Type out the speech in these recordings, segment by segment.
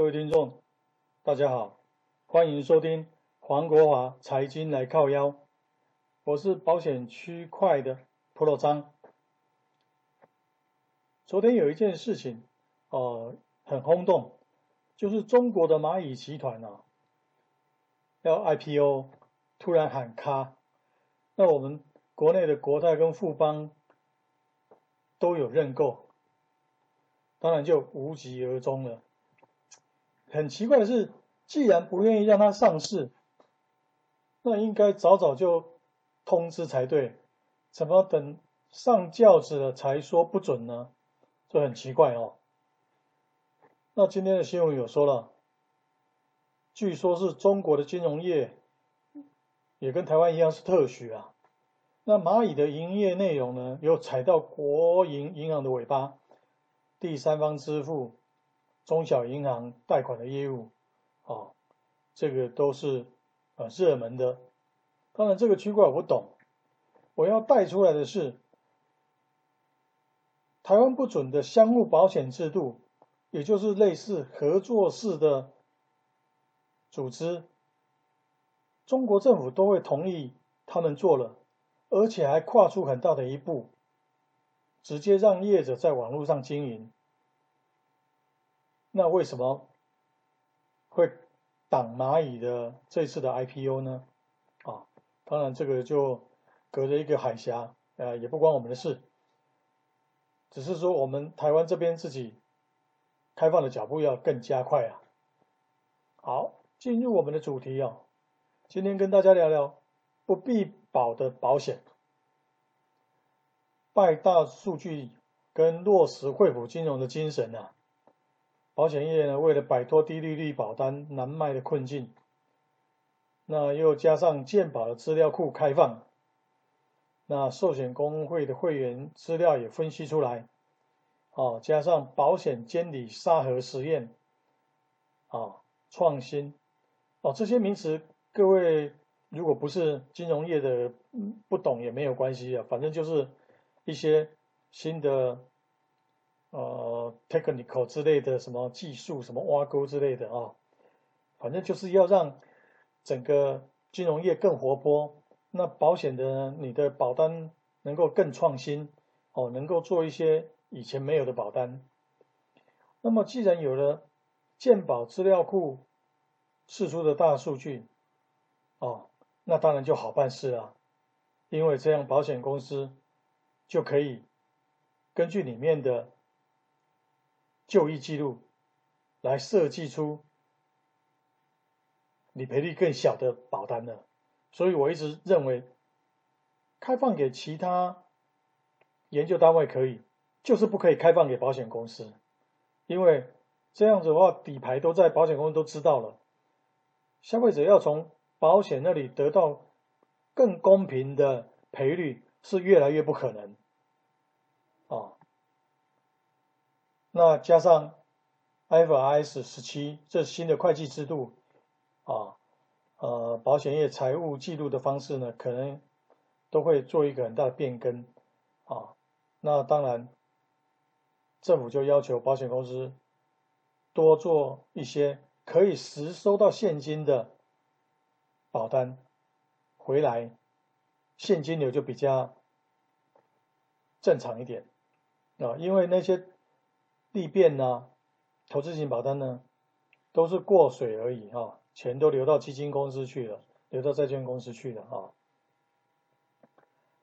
各位聽眾，大家好，歡迎收聽黃國華財經來靠腰。我是保險區塊的 Pro 張。昨天有一件事情，呃，很轟動，就是中國的螞蟻集團啊要 IPO，突然喊卡。那我們國內的國泰跟富邦都有認購，當然就無疾而終了。很奇怪的是，既然不願意讓它上市，那應該早早就通知才對，怎麼等上轎子了才說不准呢？這很奇怪哦。那今天的新聞有說了，據說是中國的金融業也跟台灣一樣是特許啊。那螞蟻的營業內容呢，有踩到國營銀行的尾巴，第三方支付。中小銀行貸款的業務，啊、哦，這個都是呃熱門的。當然，這個區塊我不懂。我要帶出來的是，台灣不准的相互保險制度，也就是類似合作式的組織，中國政府都會同意他們做了，而且還跨出很大的一步，直接讓業者在網絡上經營。那為什麼會擋螞蟻的這次的 IPO 呢？啊，當然這個就隔着一個海峽，呃，也不關我們的事，只是說我們台灣這邊自己開放的腳步要更加快啊。好，進入我們的主題啊，今天跟大家聊聊不必保的保險。拜大數據跟落實普惠金融的精神啊。保險業呢，為了擺脫低利率保單難賣的困境，那又加上健保的資料庫開放，那壽險公會的會員資料也分析出來，哦，加上保險監理沙盒實驗，啊、哦，創新，哦，這些名詞，各位如果不是金融業的，不懂也沒有關係啊，反正就是一些新的。呃，technical 之類的什麼技術，什麼挖溝之類的啊，反正就是要讓整個金融業更活潑。那保險的，你的保單能夠更創新哦，能夠做一些以前沒有的保單。那麼，既然有了健保資料庫釋出的大數據哦，那當然就好辦事了啊，因為這樣保險公司就可以根據裡面的。就醫記錄，來設計出理賠率更小的保單呢？所以我一直認為，開放給其他研究單位可以，就是不可以開放給保險公司，因為這樣子的話，底牌都在保險公司都知道了，消費者要從保險那裡得到更公平的賠率，是越來越不可能。那加上 IFRS 17，這新的會計制度啊，呃，保險業財務記錄的方式呢，可能都會做一個很大的變更啊。那當然，政府就要求保險公司多做一些可以實收到現金的保單回來，現金流就比較正常一點啊，因為那些。利變呢、啊？投資型保單呢，都是過水而已哈、啊，錢都流到基金公司去了，流到債券公司去了哈、啊。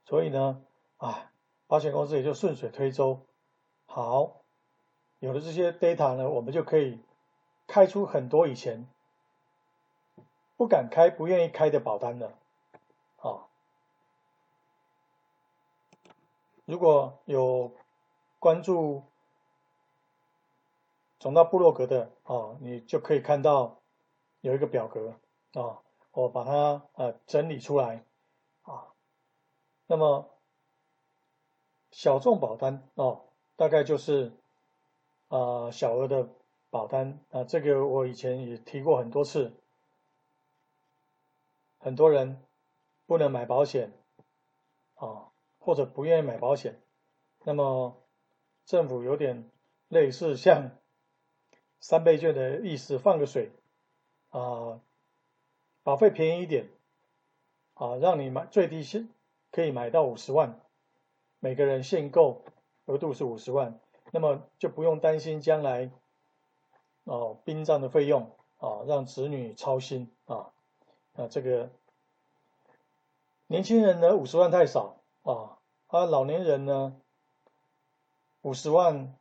所以呢，啊，保險公司也就順水推舟。好，有了這些 data 呢，我們就可以開出很多以前不敢開、不願意開的保單了。啊。如果有關注。到部落格的哦，你就可以看到有一個表格啊，我把它呃整理出來啊。那麼小眾保單哦，大概就是啊小額的保單啊，這個我以前也提過很多次，很多人不能買保險啊，或者不願意買保險，那麼政府有點類似像。三倍券的意思，放個水，啊，保費便宜一點，啊，讓你買最低是可以買到五十萬，每個人限購額度是五十萬，那麼就不用擔心將來哦、啊，殯葬的費用啊，讓子女操心啊，那這個年輕人呢五十萬太少啊，而、啊、老年人呢五十萬。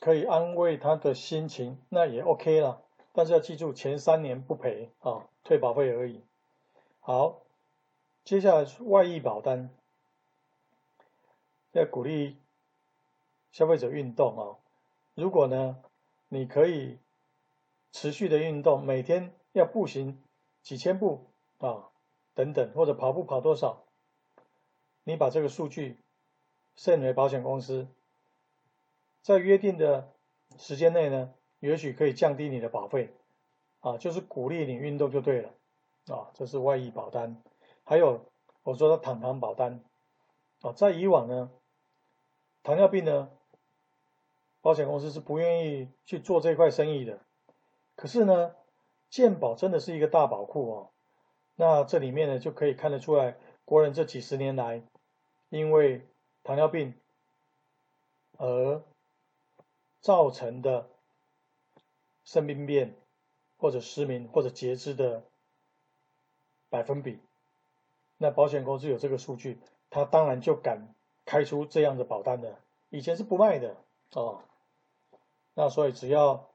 可以安慰他的心情，那也 OK 啦。但是要記住，前三年不賠啊、哦，退保費而已。好，接下來是外溢保單，要鼓勵消費者運動啊、哦。如果呢，你可以持續的運動，每天要步行幾千步啊、哦，等等，或者跑步跑多少，你把這個數據送回保險公司。在約定的時間內呢，也許可以降低你的保費，啊，就是鼓勵你運動就對了，啊，這是外溢保單。還有我說的糖糖保單，啊，在以往呢，糖尿病呢，保險公司是不願意去做這塊生意的。可是呢，健保真的是一個大寶庫啊、哦。那這裡面呢，就可以看得出來，國人這幾十年來因為糖尿病而造成的腎病變，或者失明，或者截肢的百分比，那保險公司有這個數據，他當然就敢開出這樣的保單的。以前是不賣的哦，那所以只要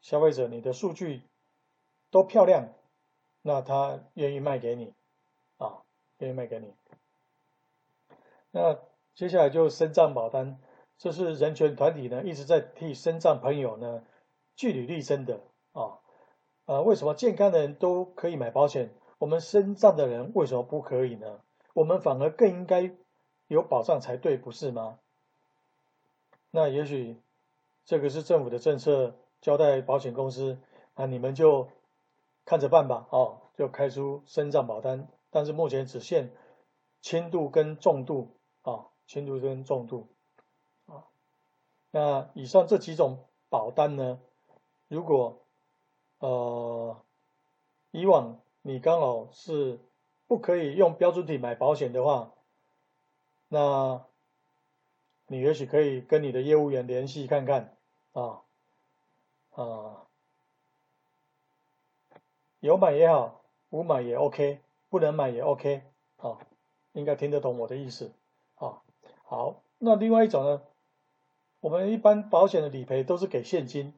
消費者你的數據都漂亮，那他願意賣給你啊，願、哦、意賣給你。那接下來就身障保單。這是人權團體呢，一直在替身障朋友呢據理力爭的、哦、啊。呃，為什麼健康的人都可以買保險，我們身障的人為什麼不可以呢？我們反而更應該有保障才對，不是嗎？那也許這個是政府的政策，交代保險公司啊，那你們就看着辦吧。哦，就開出身障保單，但是目前只限輕度跟重度啊、哦，輕度跟重度。那以上這幾種保單呢，如果，呃，以往你剛好是不可以用標準體買保險的話，那，你也許可以跟你的業務員聯繫看看啊啊，有買也好，無買也 OK，不能買也 OK 啊，應該聽得懂我的意思啊。好，那另外一種呢，我們一般保險的理賠都是給現金，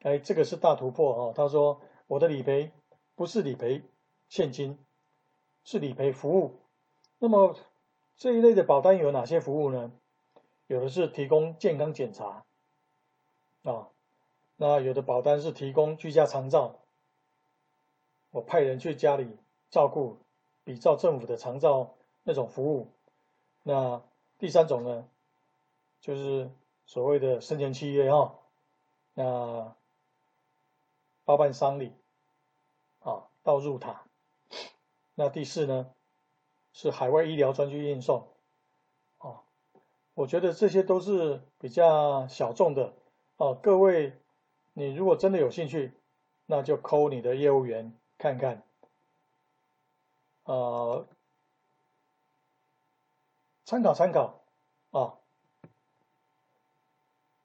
哎，這個是大突破哦。他說我的理賠不是理賠現金，是理賠服務。那麼這一類的保單有哪些服務呢？有的是提供健康檢查，啊，那有的保單是提供居家長照，我派人去家裡照顧，比照政府的長照那種服務。那第三種呢，就是。所謂的生前契約哈，那包辦喪禮啊，到入塔。那第四呢，是海外醫療專機運送啊。我覺得這些都是比較小眾的哦。各位，你如果真的有興趣，那就 call 你的業務員看看，呃，參考參考啊。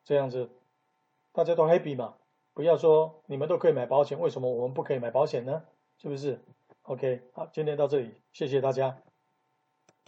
這樣子，大家都 happy 嘛，不要說，你們都可以買保險，為什麼我們不可以買保險呢？是不是？OK，好，今天到這裡，謝謝大家。